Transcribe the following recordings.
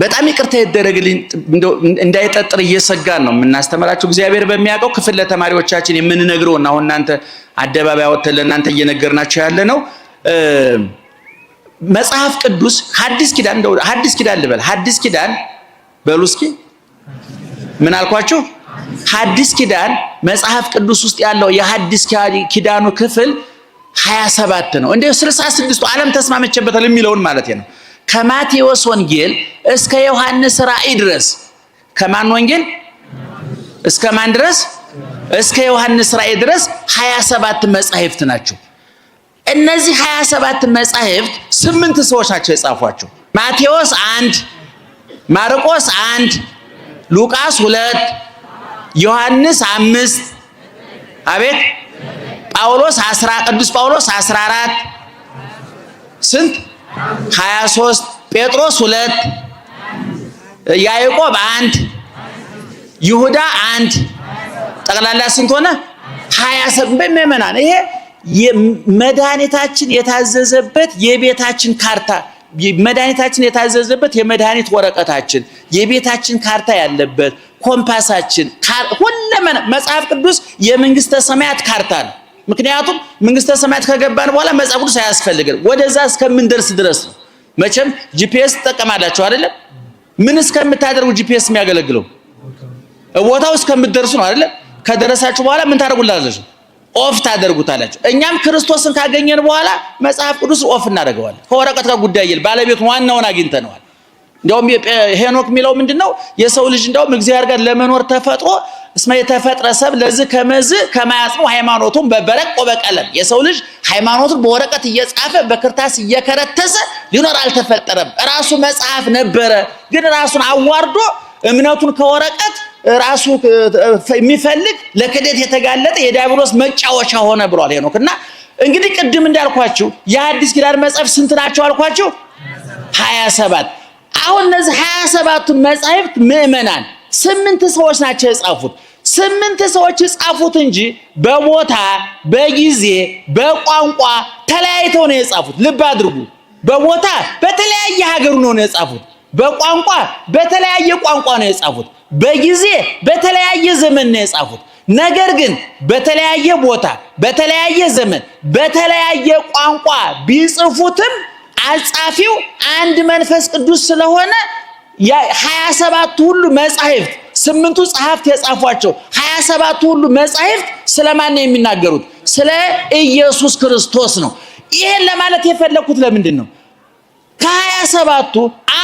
በጣም ይቅርታ ይደረግልኝ እንዳይጠጥር እየሰጋን ነው የምናስተምራቸው። እግዚአብሔር በሚያውቀው ክፍል ለተማሪዎቻችን የምንነግረውን አሁን እናንተ አደባባይ አወጥተን ለእናንተ እየነገርናቸው ያለ ነው። መጽሐፍ ቅዱስ ሐዲስ ኪዳን እንደው ሐዲስ ኪዳን ልበል ሐዲስ ኪዳን በሉ እስኪ ምን አልኳችሁ? ሐዲስ ኪዳን መጽሐፍ ቅዱስ ውስጥ ያለው የሐዲስ ኪዳኑ ክፍል 27 ነው። እንዴ 66ቱ ዓለም ተስማመችበታል የሚለውን ማለት ነው ከማቴዎስ ወንጌል እስከ ዮሐንስ ራእይ ድረስ ከማን ወንጌል እስከ ማን ድረስ እስከ ዮሐንስ ራእይ ድረስ 27 መጻሕፍት ናቸው። እነዚህ 27 መጻሕፍት ስምንት ሰዎች ናቸው የጻፏቸው። ማቴዎስ አንድ፣ ማርቆስ አንድ፣ ሉቃስ ሁለት፣ ዮሐንስ አምስት፣ አቤት ጳውሎስ 10 ቅዱስ ጳውሎስ 14 ስንት ሀያ ሶስት ጴጥሮስ ሁለት ያዕቆብ አንድ ይሁዳ አንድ ጠቅላላ ስንት ሆነ? ሀያ ምእመናን ይሄ መድኃኒታችን የታዘዘበት የቤታችን ካርታ መድኃኒታችን የታዘዘበት የመድኃኒት ወረቀታችን የቤታችን ካርታ ያለበት ኮምፓሳችን ሁለ መጽሐፍ ቅዱስ የመንግስተ ሰማያት ካርታ ነው። ምክንያቱም መንግስተ ሰማያት ከገባን በኋላ መጽሐፍ ቅዱስ አያስፈልግም። ወደዛ እስከምንደርስ ድረስ ነው። መቼም ጂፒኤስ ትጠቀማላችሁ አይደለም? ምን እስከምታደርጉ ጂፒኤስ የሚያገለግለው ቦታው እስከምትደርሱ ነው አይደለም? ከደረሳችሁ በኋላ ምን ታደርጉላላችሁ? ኦፍ ታደርጉታላችሁ። እኛም ክርስቶስን ካገኘን በኋላ መጽሐፍ ቅዱስ ኦፍ እናደርገዋለን። ከወረቀት ጋር ጉዳይ የለም። ባለቤቱን ዋናውን አግኝተነዋል። እንዲያውም ሄኖክ የሚለው ምንድነው የሰው ልጅ እንዲያውም እግዚአብሔር ጋር ለመኖር ተፈጥሮ እስመ የተፈጥረ ሰብ ለዚህ ከመዝ ከማያጽሙ ሃይማኖቱን በበረቅ ወበቀለም የሰው ልጅ ሃይማኖቱን በወረቀት እየጻፈ በክርታስ እየከረተሰ ሊኖር አልተፈጠረም። ራሱ መጽሐፍ ነበረ፣ ግን ራሱን አዋርዶ እምነቱን ከወረቀት ራሱ የሚፈልግ ለክደት የተጋለጠ የዲያብሎስ መጫወቻ ሆነ ብሏል ሄኖክ። እና እንግዲህ ቅድም እንዳልኳችሁ የአዲስ ኪዳን መጽሐፍ ስንት ናቸው አልኳችሁ? ሀያ ሰባት አሁን እነዚህ ሀያ ሰባቱን መጻሕፍት ምእመናን ስምንት ሰዎች ናቸው የጻፉት። ስምንት ሰዎች የጻፉት እንጂ በቦታ በጊዜ በቋንቋ ተለያይተው ነው የጻፉት። ልብ አድርጉ። በቦታ በተለያየ ሀገሩ ነው የጻፉት። በቋንቋ በተለያየ ቋንቋ ነው የጻፉት። በጊዜ በተለያየ ዘመን ነው የጻፉት። ነገር ግን በተለያየ ቦታ በተለያየ ዘመን በተለያየ ቋንቋ ቢጽፉትም አጻፊው አንድ መንፈስ ቅዱስ ስለሆነ ሀያ ሰባቱ ሁሉ መጻሕፍት ስምንቱ ጸሐፍት የጻፏቸው ሀያ ሰባቱ ሁሉ መጻሕፍት ስለማን ነው የሚናገሩት? ስለ ኢየሱስ ክርስቶስ ነው። ይሄን ለማለት የፈለኩት ለምንድን ነው? ከሀያ ሰባቱ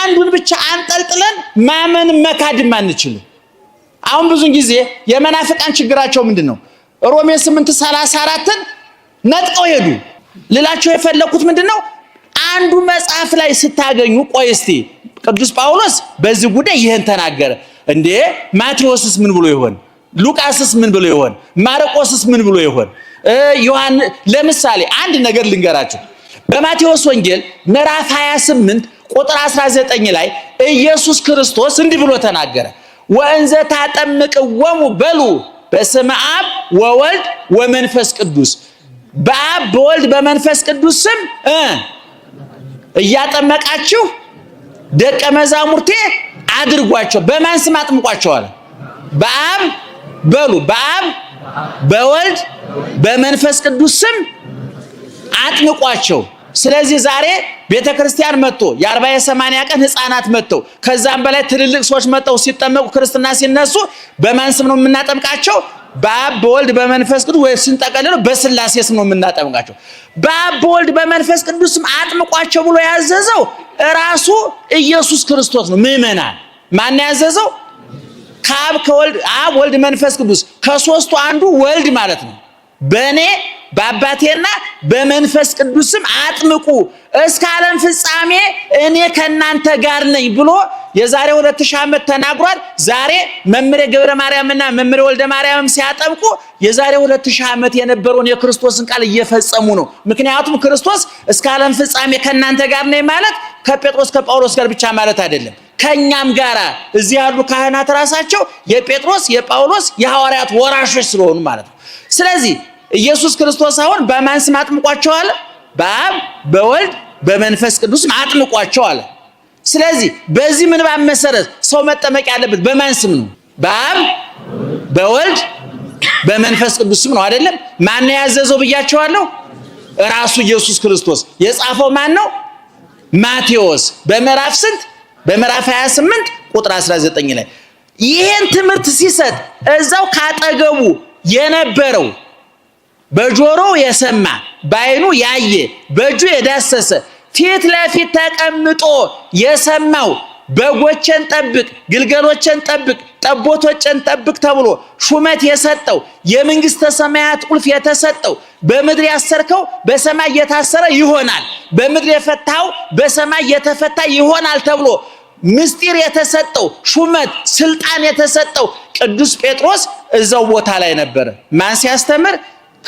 አንዱን ብቻ አንጠልጥለን ማመን መካድም አንችልም። አሁን ብዙን ጊዜ የመናፍቃን ችግራቸው ምንድን ነው? ሮሜ 8 34ን ነጥቀው ሄዱ። ልላቸው የፈለኩት ምንድን ነው? አንዱ መጽሐፍ ላይ ስታገኙ ቆይ ቅዱስ ጳውሎስ በዚህ ጉዳይ ይህን ተናገረ። እንዴ ማቴዎስስ ምን ብሎ ይሆን? ሉቃስስ ምን ብሎ ይሆን? ማርቆስስ ምን ብሎ ይሆን? ዮሐን ለምሳሌ አንድ ነገር ልንገራችሁ። በማቴዎስ ወንጌል ምዕራፍ 28 ቁጥር 19 ላይ ኢየሱስ ክርስቶስ እንዲህ ብሎ ተናገረ። ወእንዘ ታጠምቅወሙ በሉ በስመ አብ ወወልድ ወመንፈስ ቅዱስ በአብ በወልድ በመንፈስ ቅዱስ ስም እያጠመቃችሁ ደቀ መዛሙርቴ አድርጓቸው። በማን ስም አጥምቋቸው አለ? በአብ በሉ በአብ በወልድ በመንፈስ ቅዱስ ስም አጥምቋቸው። ስለዚህ ዛሬ ቤተ ክርስቲያን መጥቶ የአርባ የሰማንያ ቀን ህፃናት መጥተው ከዛም በላይ ትልልቅ ሰዎች መጥተው ሲጠመቁ ክርስትና ሲነሱ በማን ስም ነው የምናጠምቃቸው? በአብ በወልድ በመንፈስ ቅዱስ ወይ ስንጠቀልለው በስላሴ ስም ነው የምናጠምቃቸው። በአብ በወልድ በመንፈስ ቅዱስም አጥምቋቸው ብሎ ያዘዘው ራሱ ኢየሱስ ክርስቶስ ነው። ምእመናን ማን ያዘዘው? ከአብ ከወልድ አብ ወልድ መንፈስ ቅዱስ ከሶስቱ አንዱ ወልድ ማለት ነው። በእኔ በአባቴና በመንፈስ ቅዱስም አጥምቁ እስከ ዓለም ፍጻሜ እኔ ከእናንተ ጋር ነኝ ብሎ የዛሬ ሁለት ሺህ ዓመት ተናግሯል። ዛሬ መምሬ ገብረ ማርያምና መምሬ ወልደ ማርያምም ሲያጠምቁ የዛሬ ሁለት ሺህ ዓመት የነበረውን የክርስቶስን ቃል እየፈጸሙ ነው። ምክንያቱም ክርስቶስ እስከ ዓለም ፍጻሜ ከእናንተ ጋር ነኝ ማለት ከጴጥሮስ ከጳውሎስ ጋር ብቻ ማለት አይደለም ከኛም ጋር እዚህ ያሉ ካህናት ራሳቸው የጴጥሮስ የጳውሎስ የሐዋርያት ወራሾች ስለሆኑ ማለት ነው። ስለዚህ ኢየሱስ ክርስቶስ አሁን በማንስም አጥምቋቸው አለ፣ በአብ በወልድ በመንፈስ ቅዱስም አጥምቋቸው አለ። ስለዚህ በዚህ ምንባብ መሰረት ሰው መጠመቅ ያለበት በማንስም ነው፣ በአብ በወልድ በመንፈስ ቅዱስም ነው። አይደለም ማን ነው ያዘዘው ብያቸዋለሁ? ራሱ ኢየሱስ ክርስቶስ የጻፈው ማን ነው? ማቴዎስ በምዕራፍ ስንት? በምዕራፍ 28 ቁጥር 19 ላይ ይህን ትምህርት ሲሰጥ እዛው ካጠገቡ የነበረው በጆሮው የሰማ በአይኑ ያየ በእጁ የዳሰሰ ፊት ለፊት ተቀምጦ የሰማው በጎችን ጠብቅ፣ ግልገሎችን ጠብቅ፣ ጠቦቶችን ጠብቅ ተብሎ ሹመት የሰጠው የመንግሥተ ሰማያት ቁልፍ የተሰጠው በምድር ያሰርከው በሰማይ የታሰረ ይሆናል፣ በምድር የፈታው በሰማይ የተፈታ ይሆናል ተብሎ ምስጢር የተሰጠው ሹመት ስልጣን የተሰጠው ቅዱስ ጴጥሮስ እዛው ቦታ ላይ ነበረ። ማን ሲያስተምር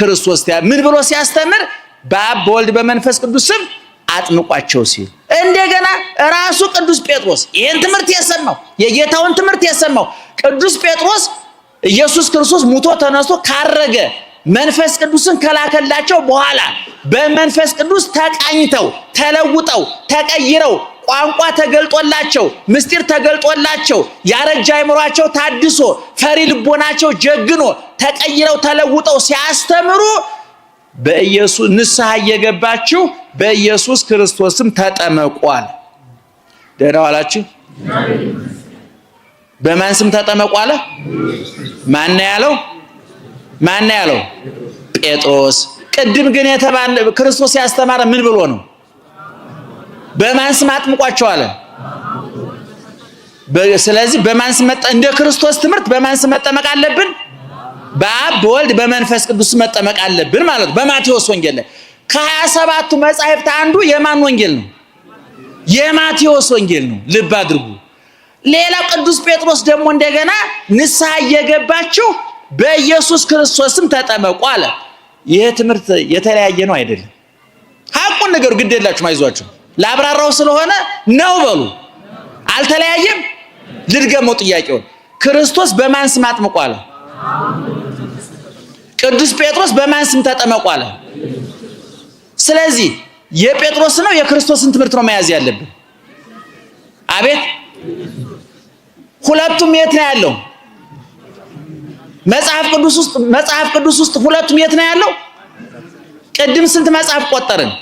ክርስቶስ ምን ብሎ ሲያስተምር በአብ በወልድ በመንፈስ ቅዱስ ስም አጥምቋቸው ሲል እንደገና ራሱ ቅዱስ ጴጥሮስ ይህን ትምህርት የሰማው የጌታውን ትምህርት የሰማው ቅዱስ ጴጥሮስ ኢየሱስ ክርስቶስ ሙቶ ተነስቶ ካረገ መንፈስ ቅዱስን ከላከላቸው በኋላ በመንፈስ ቅዱስ ተቃኝተው ተለውጠው ተቀይረው ቋንቋ ተገልጦላቸው ምስጢር ተገልጦላቸው ያረጀ አይምሯቸው ታድሶ ፈሪ ልቦናቸው ጀግኖ ተቀይረው ተለውጠው ሲያስተምሩ በኢየሱስ ንስሐ እየገባችሁ በኢየሱስ ክርስቶስም ተጠመቋል። ደህና ዋላችሁ። በማን ስም ተጠመቋለ? ማን ያለው? ማን ያለው? ጴጥሮስ። ቅድም ግን ክርስቶስ ያስተማረ ምን ብሎ ነው? በማን ስም አጥምቋቸው አለ? ስለዚህ በማን ስም እንደ ክርስቶስ ትምህርት በማን ስም መጠመቅ አለብን? በአብ በወልድ በመንፈስ ቅዱስ መጠመቅ አለብን ማለት ነው። በማቴዎስ ወንጌል ላይ ከሀያ ሰባቱ መጻሕፍት አንዱ የማን ወንጌል ነው? የማቴዎስ ወንጌል ነው። ልብ አድርጉ። ሌላው ቅዱስ ጴጥሮስ ደግሞ እንደገና ንስሐ እየገባችሁ በኢየሱስ ክርስቶስም ተጠመቁ አለ። ይህ ትምህርት የተለያየ ነው አይደለም። ሀቁን ነገሩ ግድ የላችሁም፣ አይዟችሁ ላብራራው ስለሆነ ነው በሉ። አልተለያየም። ልድገመው ጥያቄውን። ክርስቶስ በማን ስም አጥምቆ ቅዱስ ጴጥሮስ በማን ስም ተጠመቆ አለ? ስለዚህ የጴጥሮስ ነው የክርስቶስን ትምህርት ነው መያዝ ያለብን። አቤት ሁለቱም የት ነው ያለው? መጽሐፍ ቅዱስ ውስጥ መጽሐፍ ቅዱስ ውስጥ ሁለቱም የት ነው ያለው? ቅድም ስንት መጽሐፍ ቆጠርን?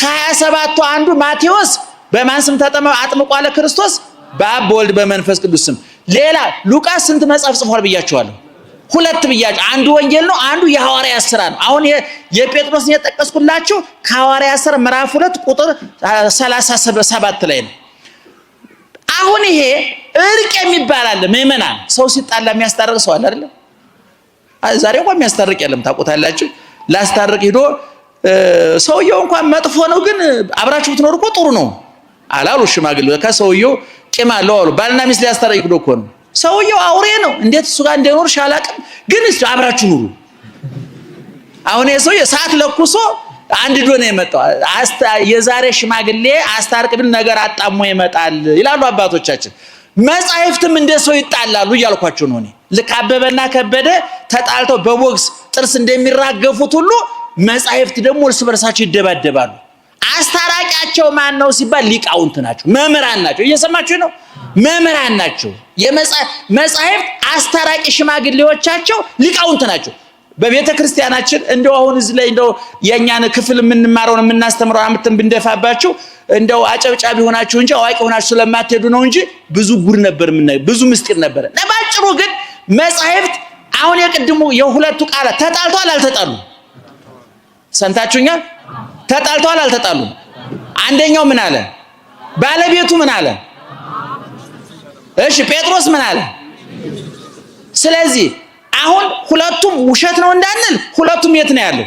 ከሀያ ሰባቱ አንዱ ማቴዎስ በማን ስም ተጠመው አጥምቋለ ክርስቶስ በአብ በወልድ በመንፈስ ቅዱስ ስም። ሌላ ሉቃስ ስንት መጽሐፍ ጽፏል ብያችኋለሁ? ሁለት ብያችሁ፣ አንዱ ወንጌል ነው፣ አንዱ የሐዋርያ ስራ ነው። አሁን የጴጥሮስን የጠቀስኩላችሁ ከሐዋርያ ስራ ምዕራፍ ሁለት ቁጥር 37 ላይ ነው። አሁን ይሄ እርቅ የሚባል አለ። ምዕመናን ሰው ሲጣላ የሚያስታርቅ ሰው አለ አይደል? ዛሬ እንኳን የሚያስታርቅ የለም። ታውቁታላችሁ። ላስታርቅ ሂዶ ሰውየው እንኳን መጥፎ ነው፣ ግን አብራችሁ ብትኖር እኮ ጥሩ ነው አላሉ ሽማግሌው። ከሰውየው ቂም አለው አሉ። ባልና ሚስት ነው እኮ ነው። ሰውየው አውሬ ነው። እንዴት እሱ ጋር እንደኖር አላቅም፣ ግን አብራችሁ ኑሩ። አሁን የሰውዬ ሰዓት ለኩሶ አንድ ዶ ነው የመጣው። የዛሬ ሽማግሌ አስታርቅ ብል ነገር አጣሞ ይመጣል ይላሉ አባቶቻችን። መጻሕፍትም እንደ ሰው ይጣላሉ እያልኳቸው ነው እኔ። ልክ አበበና ከበደ ተጣልተው በቦክስ ጥርስ እንደሚራገፉት ሁሉ መጻሕፍት ደግሞ እርስ በርሳቸው ይደባደባሉ። አስታራቂያቸው ማን ነው ሲባል ሊቃውንት ናቸው፣ መምህራን ናቸው። እየሰማችሁ ነው? መምህራን ናቸው። መጻሕፍት አስታራቂ ሽማግሌዎቻቸው ሊቃውንት ናቸው። በቤተ ክርስቲያናችን እንደው አሁን እዚህ ላይ እንደው የእኛን ክፍል የምንማረውን የምናስተምረው አምትን ብንደፋባችሁ እንደው አጨብጫቢ ሆናችሁ እንጂ አዋቂ ሆናችሁ ስለማትሄዱ ነው እንጂ ብዙ ጉድ ነበር፣ ብዙ ምስጢር ነበረ። ለባጭሩ ግን መጻሕፍት አሁን የቅድሙ የሁለቱ ቃላት ተጣልቷል፣ አልተጣሉም ሰምታችሁኛል። ተጣልተዋል አልተጣሉም? አንደኛው ምን አለ? ባለቤቱ ምን አለ? እሺ ጴጥሮስ ምን አለ? ስለዚህ አሁን ሁለቱም ውሸት ነው እንዳንል ሁለቱም የት ነው ያለው?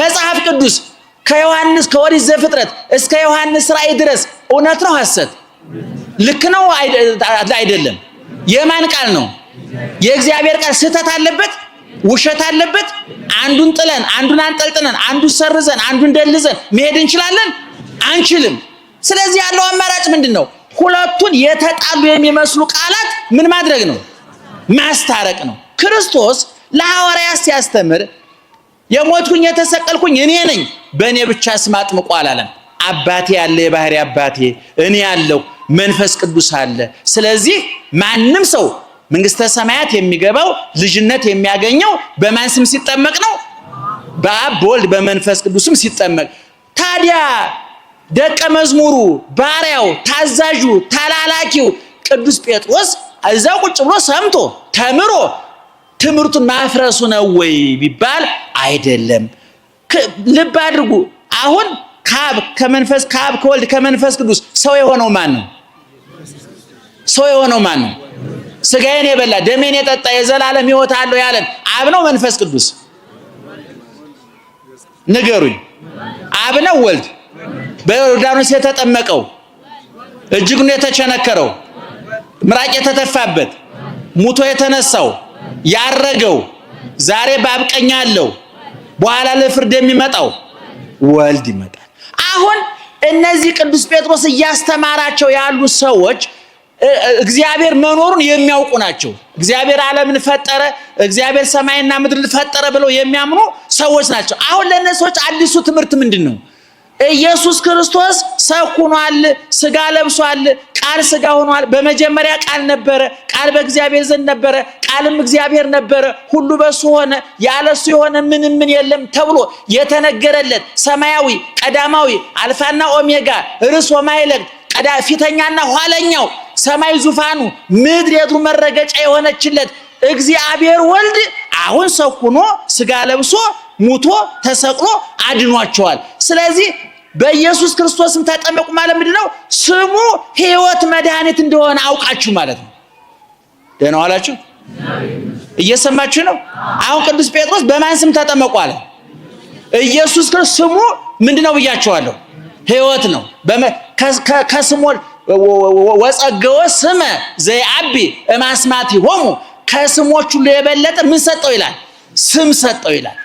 መጽሐፍ ቅዱስ ከዮሐንስ ከኦሪት ዘፍጥረት እስከ ዮሐንስ ራእይ ድረስ እውነት ነው ሐሰት? ልክ ነው አይደለም? የማን ቃል ነው? የእግዚአብሔር ቃል ስህተት አለበት? ውሸት አለበት። አንዱን ጥለን አንዱን አንጠልጥነን አንዱን ሰርዘን አንዱን ደልዘን መሄድ እንችላለን? አንችልም። ስለዚህ ያለው አማራጭ ምንድን ነው? ሁለቱን የተጣሉ የሚመስሉ ቃላት ምን ማድረግ ነው? ማስታረቅ ነው። ክርስቶስ ለሐዋርያት ሲያስተምር የሞትኩኝ የተሰቀልኩኝ እኔ ነኝ፣ በእኔ ብቻ ስም አጥምቁ አላለም። አባቴ ያለ የባህሪ አባቴ እኔ ያለው መንፈስ ቅዱስ አለ። ስለዚህ ማንም ሰው መንግስተ ሰማያት የሚገባው ልጅነት የሚያገኘው በማን ስም ሲጠመቅ ነው? በአብ በወልድ በመንፈስ ቅዱስም ሲጠመቅ። ታዲያ ደቀ መዝሙሩ ባሪያው፣ ታዛዡ፣ ተላላኪው ቅዱስ ጴጥሮስ እዛው ቁጭ ብሎ ሰምቶ ተምሮ ትምህርቱን ማፍረሱ ነው ወይ ቢባል አይደለም። ልብ አድርጉ። አሁን ከአብ ከመንፈስ ከአብ ከወልድ ከመንፈስ ቅዱስ ሰው የሆነው ማን ነው? ሰው የሆነው ማን ነው? ስጋዬን የበላ ደሜን የጠጣ የዘላለም ሕይወት አለው ያለን አብ ነው መንፈስ ቅዱስ? ንገሩኝ። አብ ነው ወልድ? በዮርዳኖስ የተጠመቀው እጅጉን የተቸነከረው ምራቅ የተተፋበት ሙቶ የተነሳው ያረገው ዛሬ በአብ ቀኝ አለው በኋላ ለፍርድ የሚመጣው ወልድ ይመጣል። አሁን እነዚህ ቅዱስ ጴጥሮስ እያስተማራቸው ያሉ ሰዎች እግዚአብሔር መኖሩን የሚያውቁ ናቸው። እግዚአብሔር ዓለምን ፈጠረ፣ እግዚአብሔር ሰማይና ምድርን ፈጠረ ብለው የሚያምኑ ሰዎች ናቸው። አሁን ለእነዚህ ሰዎች አዲሱ ትምህርት ምንድን ነው? ኢየሱስ ክርስቶስ ሰው ሆኗል፣ ስጋ ለብሷል፣ ቃል ስጋ ሆኗል። በመጀመሪያ ቃል ነበረ፣ ቃል በእግዚአብሔር ዘንድ ነበረ፣ ቃልም እግዚአብሔር ነበረ፣ ሁሉ በሱ ሆነ፣ ያለሱ የሆነ ምን ምን የለም ተብሎ የተነገረለት ሰማያዊ ቀዳማዊ አልፋና ኦሜጋ ርዕስ ወማይለቅ ቀዳ ፊተኛና ኋለኛው ሰማይ ዙፋኑ ምድሪቱ መረገጫ የሆነችለት እግዚአብሔር ወልድ አሁን ሰው ሆኖ ስጋ ለብሶ ሙቶ ተሰቅሎ አድኗቸዋል። ስለዚህ በኢየሱስ ክርስቶስም ተጠመቁ ማለት ምንድን ነው? ስሙ ሕይወት መድኃኒት እንደሆነ አውቃችሁ ማለት ነው። ደህና ዋላችሁ። እየሰማችሁ ነው። አሁን ቅዱስ ጴጥሮስ በማን ስም ተጠመቁ አለ? ኢየሱስ ክርስቶስ ስሙ ምንድን ነው ብያቸዋለሁ? ሕይወት ነው። ከስሞል ወጸገወ ስመ ዘይአቢ እማስማት ሆሙ ከስሞች ሁሉ የበለጠ ምን ሰጠው ይላል? ስም ሰጠው ይላል።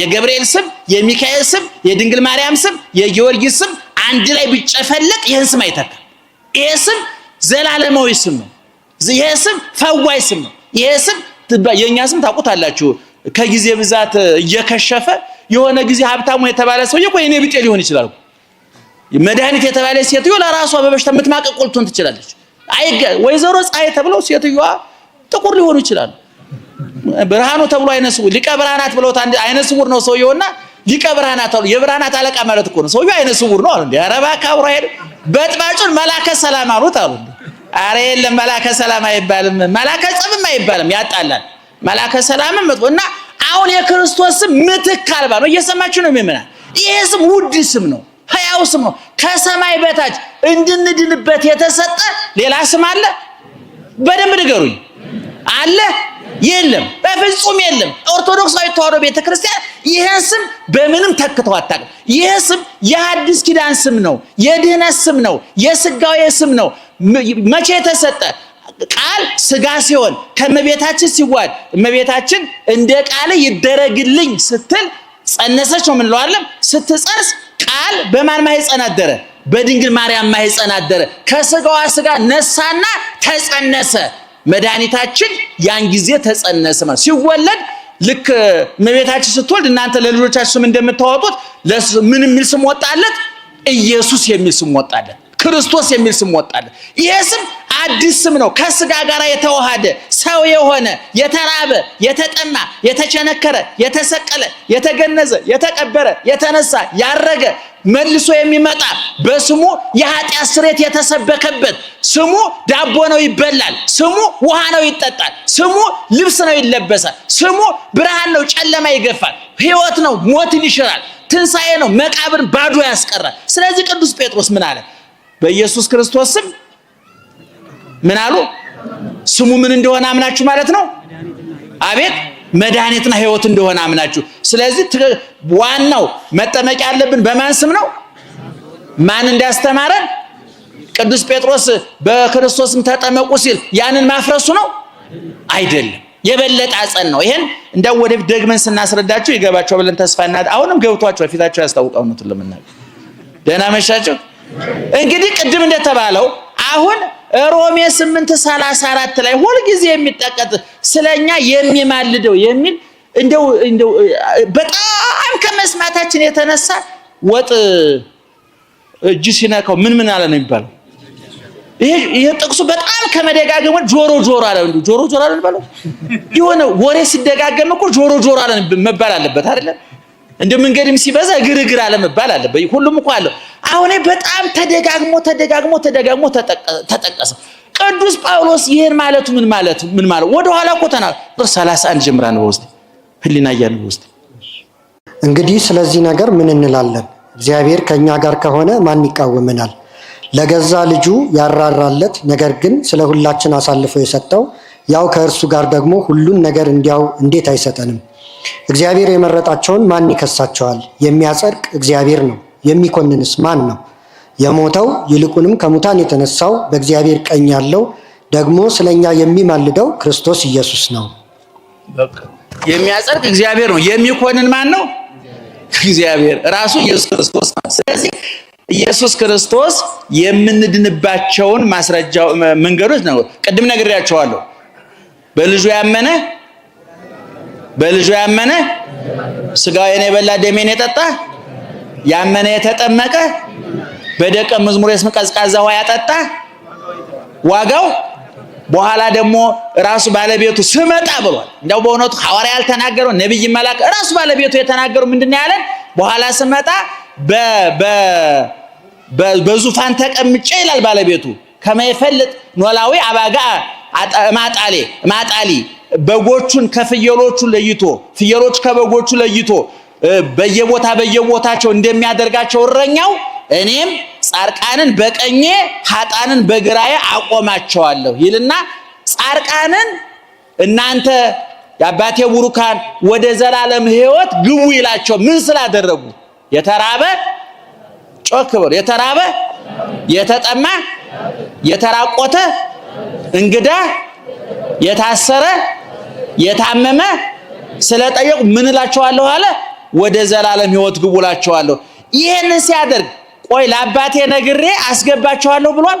የገብርኤል ስም፣ የሚካኤል ስም፣ የድንግል ማርያም ስም፣ የጊዮርጊስ ስም አንድ ላይ ቢጨፈለቅ ይህን ስም አይተካም። ይሄ ስም ዘላለማዊ ስም ነው። ይሄ ስም ፈዋይ ስም ነው። ይሄ ስም የእኛ ስም ታውቁታላችሁ። ከጊዜ ብዛት እየከሸፈ የሆነ ጊዜ ሀብታሙ የተባለ ሰውዬ እኮ የኔ ብጤ ሊሆን ይችላል መድኃኒት የተባለ ሴትዮ ለራሷ በበሽታ የምትማቀቅ ቁልቱን ትችላለች። አይገ ወይዘሮ ፀሐይ ተብለው ሴትዮዋ ጥቁር ሊሆኑ ይችላሉ። ብርሃኑ ተብሎ አይነ ስውር ሊቀ ብርሃናት ብለው አይነ ስውር ነው ሰውየውና ሊቀ ብርሃናት ተብሎ የብርሃናት አለቃ ማለት እኮ ነው ሰውየው አይነ ስውር ነው አሉ። ያረባ ካብሮ ሄድ በጥባጩን መላከ ሰላም አሉት አሉ። አረ የለም መላከ ሰላም አይባልም፣ መላከ ጸብም አይባልም፣ ያጣላል። መላከ ሰላምም መጥፎ እና አሁን የክርስቶስ ስም ምትክ አልባ ነው። እየሰማችሁ ነው የሚመና ይሄ ስም ውድ ስም ነው። ሕያው ስም ነው። ከሰማይ በታች እንድንድንበት የተሰጠ ሌላ ስም አለ? በደንብ ንገሩኝ። አለ? የለም፣ በፍጹም የለም። ኦርቶዶክሳዊ ተዋህዶ ቤተክርስቲያን ይህን ስም በምንም ተክተው አታውቅም። ይህ ስም የአዲስ ኪዳን ስም ነው፣ የድህነት ስም ነው፣ የስጋዌ ስም ነው። መቼ የተሰጠ ቃል ስጋ ሲሆን ከእመቤታችን ሲዋድ እመቤታችን እንደ ቃል ይደረግልኝ ስትል ጸነሰች ነው የምንለዋለን ስትጸንስ ቃል በማን ማህፀን አደረ? በድንግል ማርያም ማህፀን አደረ። ከስጋዋ ስጋ ነሳና ተጸነሰ። መድኃኒታችን ያን ጊዜ ተጸነሰ ማለት ሲወለድ ልክ እመቤታችን ስትወልድ እናንተ ለልጆቻችሁ ስም እንደምታወጡት ምን የሚል ስም ወጣለት? ኢየሱስ የሚል ስም ወጣለት። ክርስቶስ የሚል ስም ወጣለት። ይሄ ስም አዲስ ስም ነው። ከስጋ ጋር የተዋሃደ ሰው የሆነ የተራበ፣ የተጠማ፣ የተቸነከረ፣ የተሰቀለ፣ የተገነዘ፣ የተቀበረ፣ የተነሳ፣ ያረገ መልሶ የሚመጣ በስሙ የኃጢአት ስሬት የተሰበከበት ስሙ ዳቦ ነው ይበላል፣ ስሙ ውሃ ነው ይጠጣል፣ ስሙ ልብስ ነው ይለበሳል፣ ስሙ ብርሃን ነው ጨለማ ይገፋል፣ ህይወት ነው ሞትን ይሽራል፣ ትንሣኤ ነው መቃብርን ባዶ ያስቀራል። ስለዚህ ቅዱስ ጴጥሮስ ምን አለ? በኢየሱስ ክርስቶስ ስም ምን አሉ? ስሙ ምን እንደሆነ አምናችሁ ማለት ነው። አቤት መድኃኒትና ህይወት እንደሆነ አምናችሁ። ስለዚህ ዋናው መጠመቅ ያለብን በማን ስም ነው? ማን እንዳስተማረን ቅዱስ ጴጥሮስ በክርስቶስም ተጠመቁ ሲል ያንን ማፍረሱ ነው አይደለም። የበለጠ አጸን ነው። ይሄን እንደው ወደፊት ደግመን ስናስረዳቸው ይገባቸው ብለን ተስፋ እናድ አሁንም ገብቷቸው ፊታቸው ያስታውቃው ነው ለምናል። ደህና መሻቸው። እንግዲህ ቅድም እንደተባለው አሁን ሮሜ 8:34 ላይ ሁልጊዜ የሚጠቀጥ ስለኛ የሚማልደው የሚል እንደው እንደው በጣም ከመስማታችን የተነሳ ወጥ እጅ ሲነካው ምን ምን አለ ነው የሚባለው። ይሄ ይሄ ጥቅሱ በጣም ከመደጋገሙ ጆሮ ጆሮ አለ ጆሮ ጆሮ አለ የሚባለው የሆነ ወሬ ሲደጋገም እኮ ጆሮ ጆሮ አለ መባል አለበት አይደለም። እንደ መንገድም ሲበዛ ግርግር አለመባል አለ። ሁሉም እኮ አለ። አሁን በጣም ተደጋግሞ ተደጋግሞ ተደጋግሞ ተጠቀሰ። ቅዱስ ጳውሎስ ይህን ማለቱ ምን ማለቱ ምን ማለት ወደ ኋላ እኮ ተናግሮ ቁጥር 31 ጀምራ ነው ውስጥ ህሊና እያለ ውስጥ እንግዲህ ስለዚህ ነገር ምን እንላለን? እግዚአብሔር ከእኛ ጋር ከሆነ ማን ይቃወመናል? ለገዛ ልጁ ያራራለት ነገር ግን ስለ ሁላችን አሳልፎ የሰጠው ያው ከእርሱ ጋር ደግሞ ሁሉን ነገር እንዲያው እንዴት አይሰጠንም? እግዚአብሔር የመረጣቸውን ማን ይከሳቸዋል? የሚያጸድቅ እግዚአብሔር ነው። የሚኮንንስ ማን ነው? የሞተው ይልቁንም ከሙታን የተነሳው በእግዚአብሔር ቀኝ ያለው ደግሞ ስለኛ የሚማልደው ክርስቶስ ኢየሱስ ነው። የሚያጸድቅ እግዚአብሔር ነው። የሚኮንን ማን ነው? እግዚአብሔር ራሱ ኢየሱስ ክርስቶስ ነው። ስለዚህ ኢየሱስ ክርስቶስ የምንድንባቸውን ማስረጃ መንገዶች ነው። ቅድም ነግሬያቸዋለሁ። በልጁ ያመነ በልጁ ያመነ ስጋዬን የበላ ደሜን የጠጣ ያመነ የተጠመቀ በደቀ መዝሙር የስም ቀዝቃዛ ውሃ ያጠጣ ዋጋው በኋላ ደግሞ ራሱ ባለቤቱ ስመጣ ብሏል። እንደው በእውነቱ ሐዋርያ ያልተናገረው ነብይ መላክ ራሱ ባለቤቱ የተናገረው ምንድነው ያለን? በኋላ ስመጣ በዙፋን ተቀምጬ ይላል ባለቤቱ ከመይፈልጥ ኖላዊ አባጋ ማጣሌ ማጣሊ በጎቹን ከፍየሎቹ ለይቶ ፍየሎች ከበጎቹ ለይቶ በየቦታ በየቦታቸው እንደሚያደርጋቸው እረኛው እኔም ጻርቃንን በቀኜ ሀጣንን በግራዬ አቆማቸዋለሁ ይልና ጻርቃንን እናንተ የአባቴ ቡሩካን ወደ ዘላለም ሕይወት ግቡ ይላቸው። ምን ስላደረጉ? የተራበ ጮክ በሉ፣ የተራበ የተጠማ የተራቆተ እንግዳ፣ የታሰረ፣ የታመመ ስለጠየቁ ምን እላቸዋለሁ አለ ወደ ዘላለም ህይወት ግቡ እላቸዋለሁ። ይህንን ሲያደርግ ቆይ ለአባቴ ነግሬ አስገባቸዋለሁ ብሏል?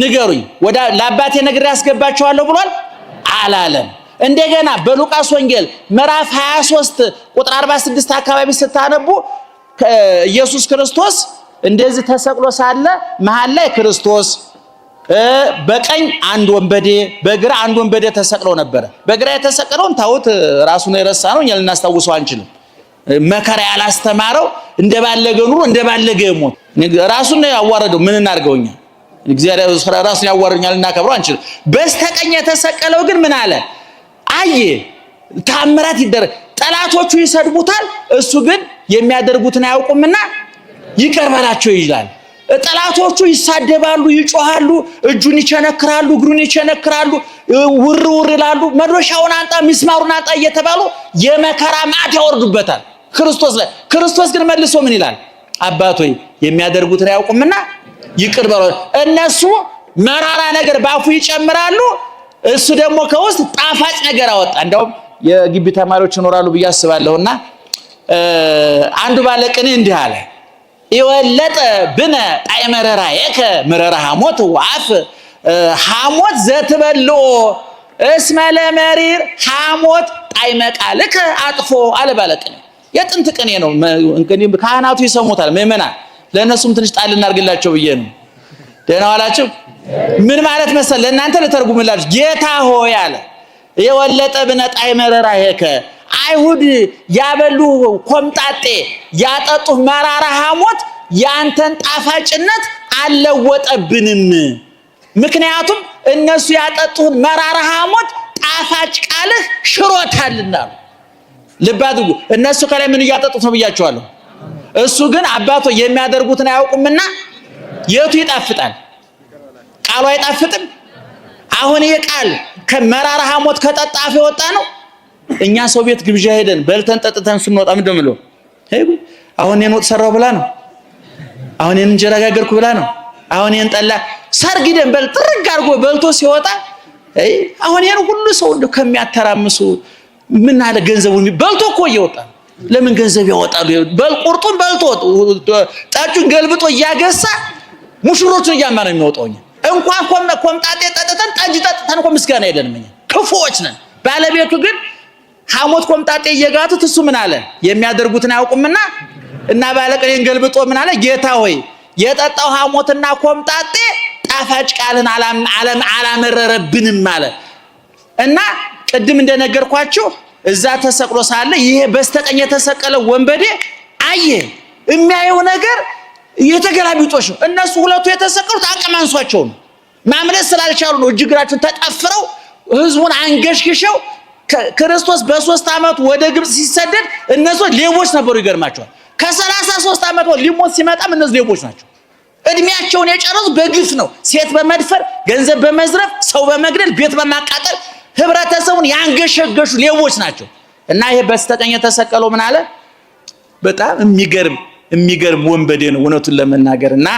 ንገሩኝ። ወደ ለአባቴ ነግሬ አስገባቸዋለሁ ብሏል አላለም። እንደገና በሉቃስ ወንጌል ምዕራፍ 23 ቁጥር 46 አካባቢ ስታነቡ ኢየሱስ ክርስቶስ እንደዚህ ተሰቅሎ ሳለ መሃል ላይ ክርስቶስ በቀኝ አንድ ወንበዴ በግራ አንድ ወንበዴ ተሰቅለው ነበረ። በግራ የተሰቀለውን ታውት ራሱ ነው የረሳ ነው፣ እኛ ልናስታውሰው አንችልም። መከራ ያላስተማረው እንደባለገ ኑሮ እንደባለገ ሞት ራሱን ነው ያዋረደው። ምን እናድርገው እኛ እግዚአብሔር ራሱን ያዋረኛል፣ ልናከብረው አንችልም። በስተቀኝ የተሰቀለው ግን ምን አለ? አየ ታምራት ይደረግ። ጠላቶቹ ይሰድቡታል፣ እሱ ግን የሚያደርጉትን አያውቁምና ይቀርበላቸው ይላል። ጠላቶቹ ይሳደባሉ፣ ይጮሃሉ፣ እጁን ይቸነክራሉ፣ እግሩን ይቸነክራሉ፣ ውር ውር ይላሉ። መዶሻውን አንጣ፣ ሚስማሩን አንጣ እየተባሉ የመከራ ማዕድ ያወርዱበታል ክርስቶስ ላይ። ክርስቶስ ግን መልሶ ምን ይላል? አባት ሆይ የሚያደርጉትን አያውቁምና ይቅር በለው። እነሱ መራራ ነገር ባፉ ይጨምራሉ፣ እሱ ደግሞ ከውስጥ ጣፋጭ ነገር አወጣ። እንደውም የግቢ ተማሪዎች ይኖራሉ ብዬ አስባለሁና አንዱ ባለቅኔ እንዲህ አለ የወለጠ ብነ ጣዕመ ረራየከ ምረራ ሐሞት ወአፍ ሐሞት ዘትበልኦ እስመ ለመሪር ሐሞት ጣዕመ ቃልከ አጥፎ አለ ቅኔ። የጥንት ቅኔ ነው እንግዲህ ካህናቱ ይሰሙታል። ምእመናን ለእነሱም ትንሽ ጣል እናድርግላቸው ብዬ ነው። ደህና ዋላችሁ። ምን ማለት መሰል ለእናንተ ልተርጉምላችሁ። ጌታ ሆይ አለ የወለጠ ብነ ጣዕመ ረራየከ አይሁድ ያበሉ ኮምጣጤ ያጠጡ መራራ ሐሞት የአንተን ጣፋጭነት አልለወጠብንም። ምክንያቱም እነሱ ያጠጡን መራራ ሐሞት ጣፋጭ ቃልህ ሽሮታልና። ልብ አድርጉ። እነሱ ከላይ ምን እያጠጡት ነው ብያቸዋለሁ። እሱ ግን አባቶ የሚያደርጉትን አያውቁምና የቱ ይጣፍጣል? ቃሉ አይጣፍጥም። አሁን ይህ ቃል ከመራራ ሐሞት ከጠጣፍ የወጣ ነው። እኛ ሰው ቤት ግብዣ ሄደን በልተን ጠጥተን ስንወጣ ምንድን ነው የምለው? አሁን ይሄን ወጥ ሰራው ብላ ነው፣ አሁን ይሄን እንጀራ ጋገርኩ ብላ ነው፣ አሁን ይሄን ጠላ ሰርግ ደን በል ጥርግ አድርጎ በልቶ ሲወጣ አይ አሁን ይሄን ሁሉ ሰው እንደው ከሚያተራምሱ ምን አለ ገንዘቡ በልቶ እኮ እየወጣ ለምን ገንዘብ ያወጣሉ? በል ቁርጡን በልቶ ጣጩን ገልብጦ እያገሳ ሙሽሮቹን እያማ ነው የሚወጣው። እንኳን ኮምጣጤ ጠጥተን ጠጅ ጠጥተን እኮ ምስጋና የለንም እኛ ክፉዎች ነን። ባለቤቱ ግን ሐሞት ቆምጣጤ እየጋቱት እሱ ምን አለ? የሚያደርጉትን አያውቁምና እና ባለቅኔን ገልብጦ ምን አለ? ጌታ ሆይ የጠጣው ሐሞትና ቆምጣጤ ጣፋጭ ቃልን አላመረረብንም አለ እና ቅድም እንደነገርኳችሁ እዛ ተሰቅሎ ሳለ ይሄ በስተቀኝ የተሰቀለው ወንበዴ አየ። የሚያየው ነገር የተገላቢጦሽ ነው። እነሱ ሁለቱ የተሰቀሉት አቅም አንሷቸው ነው። ስላልቻሉ ነው። እጅ ተጠፍረው ህዝቡን አንገሽግሸው ክርስቶስ በሶስት አመት ወደ ግብፅ ሲሰደድ እነሱ ሌቦች ነበሩ። ይገርማቸዋል። ከሰላሳ ሶስት ዓመት ሊሞት ሲመጣም እነሱ ሌቦች ናቸው። እድሜያቸውን የጨረሱ በግፍ ነው። ሴት በመድፈር ገንዘብ በመዝረፍ ሰው በመግደል ቤት በማቃጠል ህብረተሰቡን ያንገሸገሹ ሌቦች ናቸው እና ይሄ በስተቀኝ የተሰቀለው ምን አለ? በጣም የሚገርም የሚገርም ወንበዴ ነው እውነቱን ለመናገር እና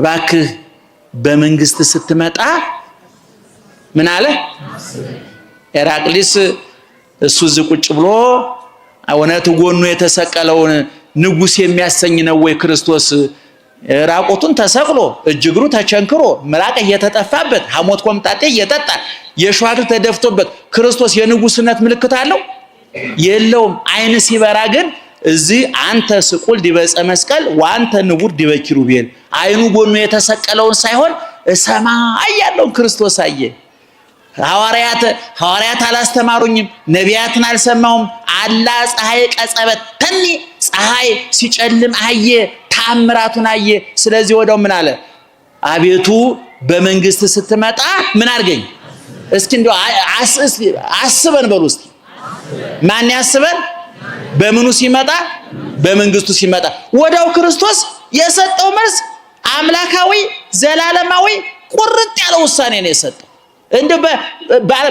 እባክህ በመንግስት ስትመጣ ምን አለ ኤራቅሊስ እሱ ዝቁጭ ቁጭ ብሎ እውነት ጎኑ የተሰቀለውን ንጉስ የሚያሰኝ ነው ወይ ክርስቶስ? ራቁቱን ተሰቅሎ እጅ እግሩ ተቸንክሮ ምራቅ እየተጠፋበት ሐሞት ኮምጣጤ እየጠጣ የሸዋክል ተደፍቶበት ክርስቶስ የንጉስነት ምልክት አለው የለውም? አይን ሲበራ ግን እዚህ አንተ ስቁል ዲበጸ መስቀል ወአንተ ንቡር ዲበ ኪሩቤል አይኑ ጎኑ የተሰቀለውን ሳይሆን እሰማ አያለውን ክርስቶስ አየ። ሐዋርያት ሐዋርያት አላስተማሩኝም፣ ነቢያትን አልሰማሁም። አላ ፀሐይ ቀጸበት ተኒ ፀሐይ ሲጨልም አየ፣ ታምራቱን አየ። ስለዚህ ወደው ምን አለ? አቤቱ በመንግስት ስትመጣ ምን አድርገኝ። እስኪ እንደው አስበን በል ውስጥ ማን ያስበን? በምኑ ሲመጣ? በመንግስቱ ሲመጣ። ወደው ክርስቶስ የሰጠው መልስ አምላካዊ ዘላለማዊ ቁርጥ ያለ ውሳኔ ነው የሰጠው። እንደ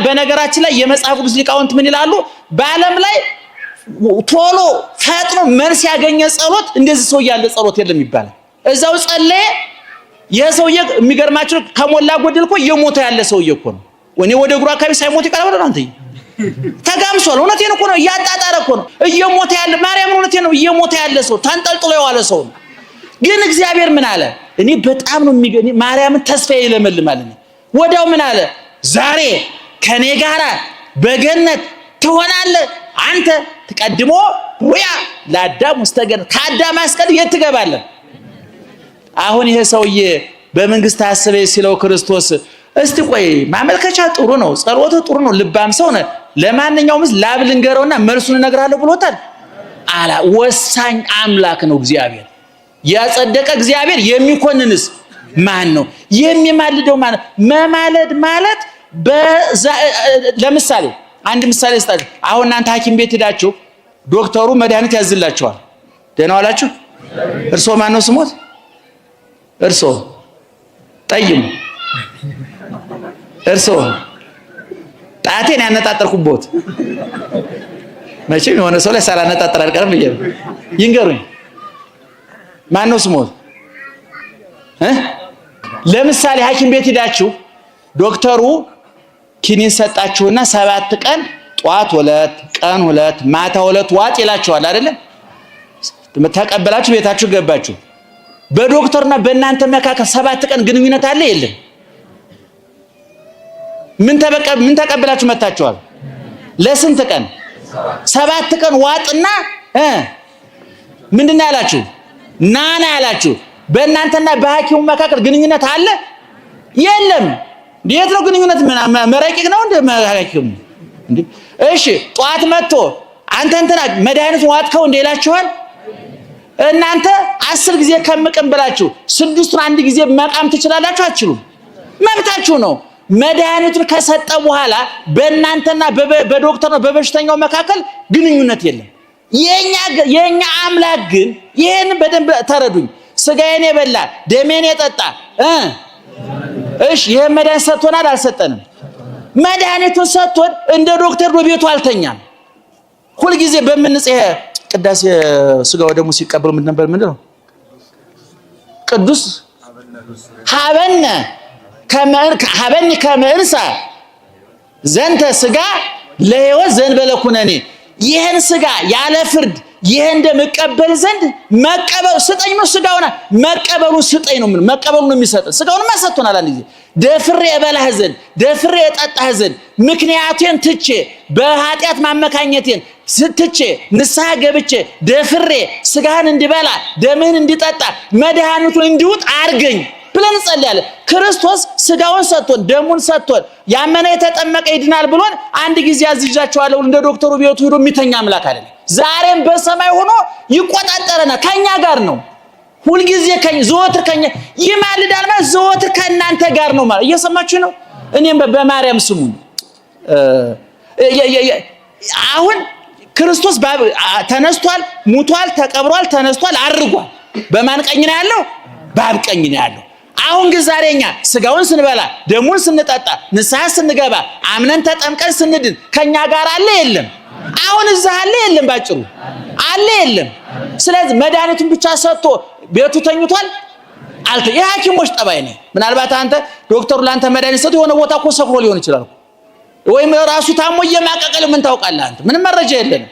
በነገራችን ላይ የመጽሐፍ ቅዱስ ሊቃውንት ምን ይላሉ? በዓለም ላይ ቶሎ ፈጥኖ መልስ ያገኘ ጸሎት እንደዚህ ሰው ያለ ጸሎት የለም ይባላል። እዛው ጸለየ። ይህ የሚገርማችሁ ከሞላ ጎደል እኮ የሞተ ያለ ሰውዬ እኮ ነው። እኔ ወደ እግሩ አካባቢ ሳይሞት ይቀር ወደ አንተ ተጋምሷል። እውነቴን እኮ ነው። እያጣጣረ እኮ ነው እየሞተ ያለ ማርያም፣ እውነቴን ነው። እየሞተ ያለ ሰው ተንጠልጥሎ የዋለ ሰው ነው። ግን እግዚአብሔር ምን አለ? እኔ በጣም ነው የሚገኝ ማርያምን ተስፋ ይለመልማል። ወዲያው ምን አለ ዛሬ ከኔ ጋር በገነት ትሆናለህ። አንተ ትቀድሞ ሩያ ለአዳም ውስተ ገነት ከአዳም አስቀድሞ የት ትገባለህ? አሁን ይሄ ሰውዬ በመንግስት አስበ ሲለው ክርስቶስ እስቲ ቆይ ማመልከቻ ጥሩ ነው፣ ጸሎት ጥሩ ነው፣ ልባም ሰው ነህ። ለማንኛውም ላብ ልንገረውና መልሱን እነግራለሁ ብሎታል። አላ ወሳኝ አምላክ ነው እግዚአብሔር። ያጸደቀ እግዚአብሔር የሚኮንንስ ማን ነው? የሚማልደው ማን ነው? መማለድ ማለት ለምሳሌ አንድ ምሳሌ ስጣችሁ። አሁን እናንተ ሐኪም ቤት ሄዳችሁ ዶክተሩ መድኃኒት ያዝላችኋል። ደህና ዋላችሁ። እርሶ ማን ነው ስሞት? እርሶ ጠይሙ። እርሶ ጣቴን ያነጣጠርኩቦት መቼም የሆነ ሰው ላይ ሳላነጣጠር አልቀርም ብዬ ይንገሩኝ፣ ማን ነው ስሞት? ለምሳሌ ሐኪም ቤት ሄዳችሁ ዶክተሩ ኪኒን ሰጣችሁና ሰባት ቀን ጧት ሁለት ቀን ሁለት ማታ ሁለት ዋጥ ይላችኋል አይደለም? ተቀበላችሁ ቤታችሁ ገባችሁ። በዶክተርና በእናንተ መካከል ሰባት ቀን ግንኙነት አለ የለም? ምን ምን ተቀበላችሁ መታችኋል? ለስንት ቀን? ሰባት ቀን ዋጥና እ ምንድን ነው ያላችሁ? ናና ያላችሁ። በእናንተና በሐኪሙ መካከል ግንኙነት አለ የለም? እንዴት ነው ግንኙነት? መረቂቅ ነው እንደ መረቂቅም እንዴ? እሺ ጠዋት መጥቶ አንተ እንትና መድኃኒቱን ዋጥከው እንደ ይላችኋል። እናንተ አስር ጊዜ ከምቅም ብላችሁ ስድስቱን አንድ ጊዜ መቃም ትችላላችሁ? አትችሉም። መብታችሁ ነው። መድኃኒቱን ከሰጠ በኋላ በእናንተና በዶክተር ነው በበሽተኛው መካከል ግንኙነት የለም። የእኛ አምላክ ግን ይህን በደንብ ተረዱኝ። ስጋዬን የበላ ደሜን የጠጣ እሺ ይሄ መድኃኒት ሰጥቶናል አልሰጠንም? መድኃኒቱን ሰጥቶን እንደ ዶክተር ነው ቤቱ አልተኛም። ሁልጊዜ በምንጽ ቅዳሴ ስጋ ወደሙ ሲቀበሉ ምን ነበር? ምንድን ነው ቅዱስ ሀበነ ሀበኒ ከመእንሳ ዘንተ ስጋ ለህይወት ዘንበለ ኩነኔ ይህን ስጋ ያለ ፍርድ ይሄ እንደምቀበል ዘንድ መቀበሉ ስጠኝ ነው። ስጋውና መቀበሉን ስጠኝ ነው። ምን መቀበሉን ነው የሚሰጠን? ስጋውን ማሰጥቶናል። አንድ ጊዜ ደፍሬ የበላህ ዘንድ ደፍሬ የጠጣህ ዘንድ ምክንያቴን ትቼ በኃጢአት ማመካኘቴን ስትቼ ንስሐ ገብቼ ደፍሬ ስጋህን እንዲበላ ደምህን እንዲጠጣ መድኃኒቱን እንዲውጥ አርገኝ ብለን እንጸልያለን። ክርስቶስ ስጋውን ሰጥቶን ደሙን ሰጥቶን ያመነ የተጠመቀ ይድናል ብሎን አንድ ጊዜ አዝዣቸዋለሁ እንደ ዶክተሩ ቤቱ ሄዶ የሚተኛ አምላክ አይደለም። ዛሬም በሰማይ ሆኖ ይቆጣጠረናል። ከኛ ጋር ነው ሁልጊዜ ከኛ ዘወትር ከኛ ይማልዳል። ማለት ዘወትር ከእናንተ ጋር ነው ማለት እየሰማችሁ ነው። እኔም በማርያም ስሙ አሁን ክርስቶስ ተነስቷል፣ ሙቷል፣ ተቀብሯል፣ ተነስቷል፣ አድርጓል። በማን ቀኝ ነው ያለው? በአብ ቀኝ ነው ያለው። አሁን ግን ዛሬ እኛ ስጋውን ስንበላ ደሙን ስንጠጣ ንስሐ ስንገባ አምነን ተጠምቀን ስንድን ከኛ ጋር አለ የለም? አሁን እዛ አለ የለም፣ ባጭሩ አለ የለም። ስለዚህ መድኃኒቱን ብቻ ሰጥቶ ቤቱ ተኝቷል። አልተ የሐኪሞች ጠባይ ነው። ምናልባት አንተ ዶክተሩ ለአንተ መድኃኒት ሰጥቶ የሆነ ቦታ እኮ ሰክሮ ሊሆን ይችላል ወይም ራሱ ታሞ እየማቀቀል ምን ታውቃለህ አንተ? ምንም መረጃ የለንም።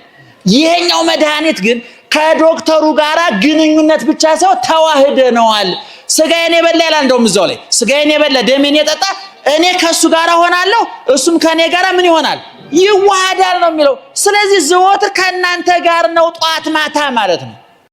ይሄኛው መድኃኒት ግን ከዶክተሩ ጋራ ግንኙነት ብቻ ሰው ተዋህደ ተዋህደነዋል። ስጋዬን የበላ ይላል። እንደውም እዛው ላይ ስጋዬን የበላ ደሜን የጠጣ እኔ ከሱ ጋር ሆናለሁ፣ እሱም ከኔ ጋር ምን ይሆናል ይዋሃዳል ነው የሚለው። ስለዚህ ዘወትር ከእናንተ ጋር ነው፣ ጠዋት ማታ ማለት ነው።